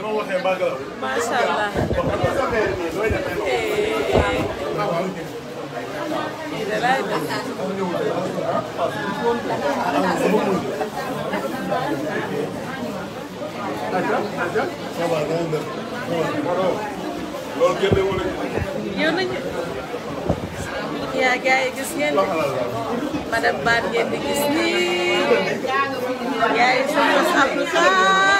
macha allah. lii de laay def. yow nañu. yaa gars yi gis ngeen madame Bane ngeen di gis nii. gars yi soxna Afrika.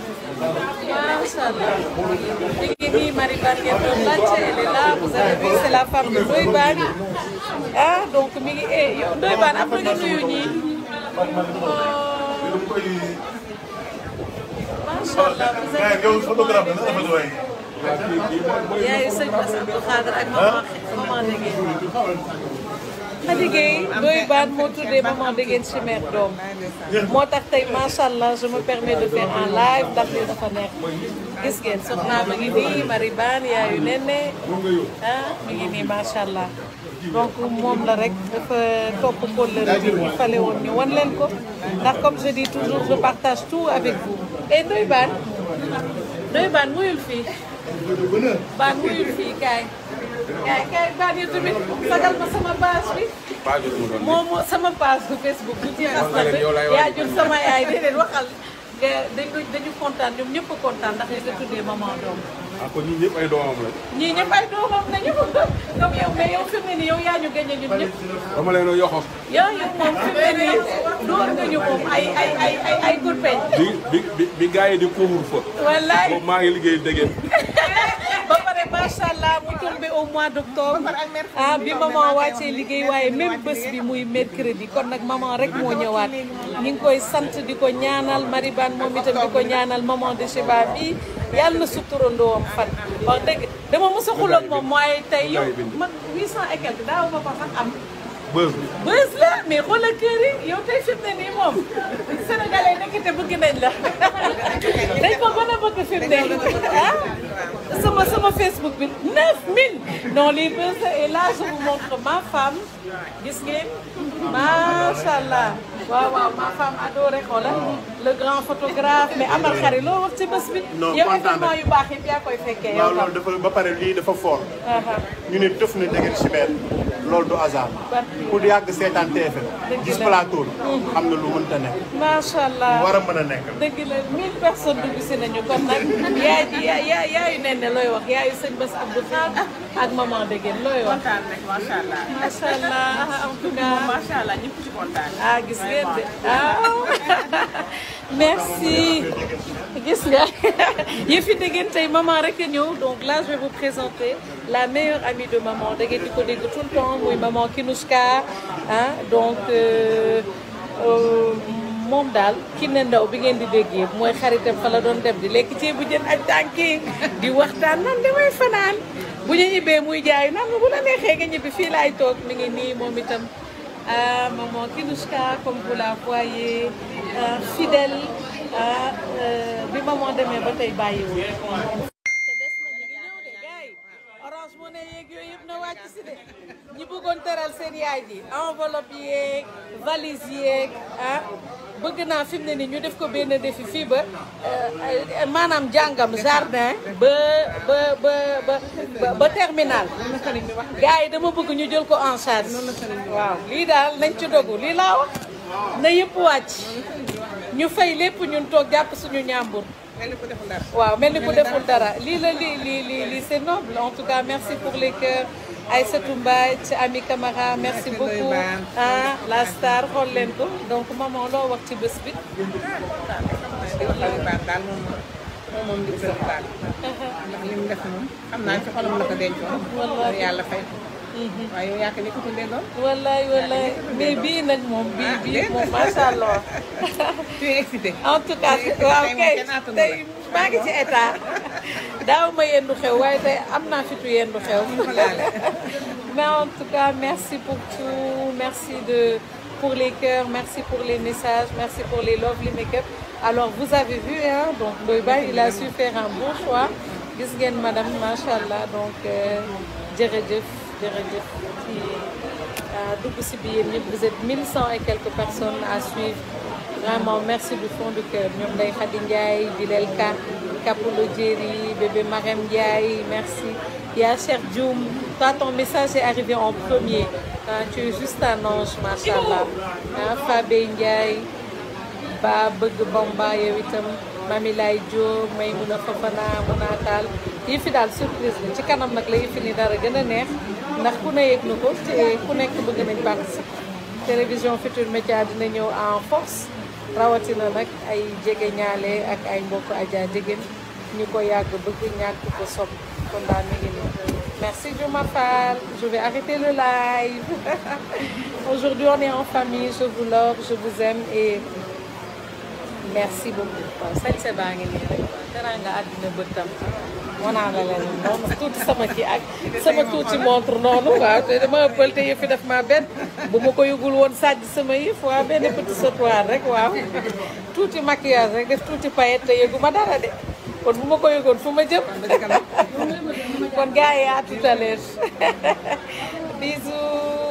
Marie là, vous avez vu, c'est la femme de Ndoye Ah, donc, mi ngi yow Ndoye Bane am na nga nuyu ñii. macha allah vous avez vu yow. yaay sëñ Bassirou Khadre ak maman maman Ndege. Khady Gueye doy baat moo tuddee maman Déguène Chimère doom moo tax tey allah je me permets de faire un live ndax li dafa neex gis ngeen soxnaa Marie Bane yaayu nenne ah mi allah donc moom la rek dafa topp kóllëre bi il fallait woon ñu comme je dis toujours je partage tout avec vous et doy baat doy baat muyul fii baat muyul fii kay kay baal yi tamit ma sama page bi. moom moo sama page bu Facebook. yaa jur sama yaay déedéet waxal dañu dañu kontaan ñoom ñëpp a kontaan ndax li nga tuddee maman doom. ah kon ñii ñëpp ay doomam nii yow yaa ñu gagné ñun ñëpp. dama leen a yow yow moom fi mu door nga moom ay ay ay ay ay bi bi bi gars di couvre-feu. wallaay ngi liggéey dégg tombé au mois d'octobre ah bi maman wàccee liggéey waaye même bés bi muy mercredi kon nag maman rek moo ñëwaat ñu ngi koy sant di ko ñaanal Maribane moom itam di ko ñaanal maman de Cheba bi yàlla na suturandoo am fan wax dëgg dama mos a moom mooy tey yow man 800 et quelque daaw ma ko sax am bës bi bës la mais xoolal kër yi yow tey fi mu ne nii bëgg nañ la dañ ko gën a bëgg fi mu ne ah sama sama Facebook bi 9000 non lii bës la et là je vous montre ma femme gis ngeen macha waaw waaw ma femme adorée xoolal le grand photographe mais Amar Khary loo wax ci bés bi. non yow yu baax yëpp yaa pare lii dafa fort. Uh-huh. ñu ne tëf na dégg si yàgg seetaan TFM. gis plateau la xam mm-hmm. na lu mënta nekk. macha allah war a mën a nekk. dëgg la mille personnes dugg si nañu kon nag. yaayu nen looy wax yaayu sëñ Bass Abdou Fall. ak maman Degene looy wax. kontaan rek macha allah. macha allah en tout cas macha allah ñëpp ci kontaan. ah gis ngeen de waaw. Ah. merci gis nga yëfi Degene tey maman rek a ñëw donc là je vais vous présenter la meilleure de maman Degene di ko dégg tout le temps muy maman Kinouska ah donc. Euh, euh, moom daal ki ne ndaw bi ngeen di déggee mooy xaritam de la doon de di lekk ceebu jën ak tànki bu ñu ñibbee muy jaay nan bu la neexee nga ñibbi fii laay toog mi ngi nii moom itam ah, maman Kinouchka comme vous la voyez ah, fidèle ah, euh, bi maman demee ba tey bàyyiwul bëggoon tëral seen yaay ji enveloppe yeeg valise yeeg ah, bëgg naa fi ne ni ñu def ko benn défi fii ba euh, maanaam jàngam jardin ba ba ba ba terminal gars yi dama bëgg ñu jël ko en charge waaw lii daal nañ ci dogu lii laa wax na yëpp wàcc ñu fay lépp ñun toog jàpp suñu ñàmbur waaw mel ni ku deful dara lii la lii lii lii lii c'est noble en tout merci pour les cœurs Aïssatou Mbaye ci Ami Camara merci beaucoup ah la star xool leen donc maman loo wax ci bés bi ah, moom moom ngir sëñ Fall ndax li mu def moom xam naa ci xolam la ko dencoon wallaay yàlla fay mhm. waaye yow yaa ko njëkk a tuddee doon wallaay wallaay mais bii nag moom bii ah, moom macha allah tu es en tout cas waaw kay tey maa ngi ci état daaw ma yendu xew waaye tey am naa fitu yendu xew mais en tout cas merci pour tout merci de pour les cœurs, merci pour les messages, merci pour les love, les make-up. Alors, vous avez vu, hein, donc Ndoiba, il a su faire un bon choix. Gis ngeen madame, machallah donc euh, jërëjëf jërëjëf euh, ci dugg si bi yéen ñëpp vous êtes 1100 et quelques personnes à suivre. merci du fond du cœur ñoom Ndeye Khady Ndiaye Bilel Ka Kapoulo bébé Marem Ndiaye merci yaa Cheikh Dioum toi message est arrivé en premier tu juste un ange macha allah ah Fabé Ba bëgg Bamba yow itam Mami Lay Diop Maymouna Fofana yi fi daal surprise la ci kanam nag la yi fi ni dara gën a neex ndax ku ne yëg ko ku nekk bëgg nañ participer télévision Futur Média dina ñëw en force. rawatina nag ay jege ñaale ak ay mbokk Adja Jegem ñu ko yàgg bëgg ñàkk ko sopp kon daal mi ngi nii merci Diouma je vais arrêter le live aujourd'hui on est en famille je vous love je vous aime et merci beaucoup waaw sañ se baa ngi nii rek waaw wanaana leen noonu tuuti sama ki ak sama tuuti montre noonu waaw te dama ëppal te yëfi daf ma benn bu ma ko yëgul woon sàjj sama yëf waaw benn petit sautoir rek waaw tuuti maquillage rek def tuuti paillette te yëgu ma dara de kon bu ma ko yëgoon fu ma jëm kon gars yi à tout à l'heure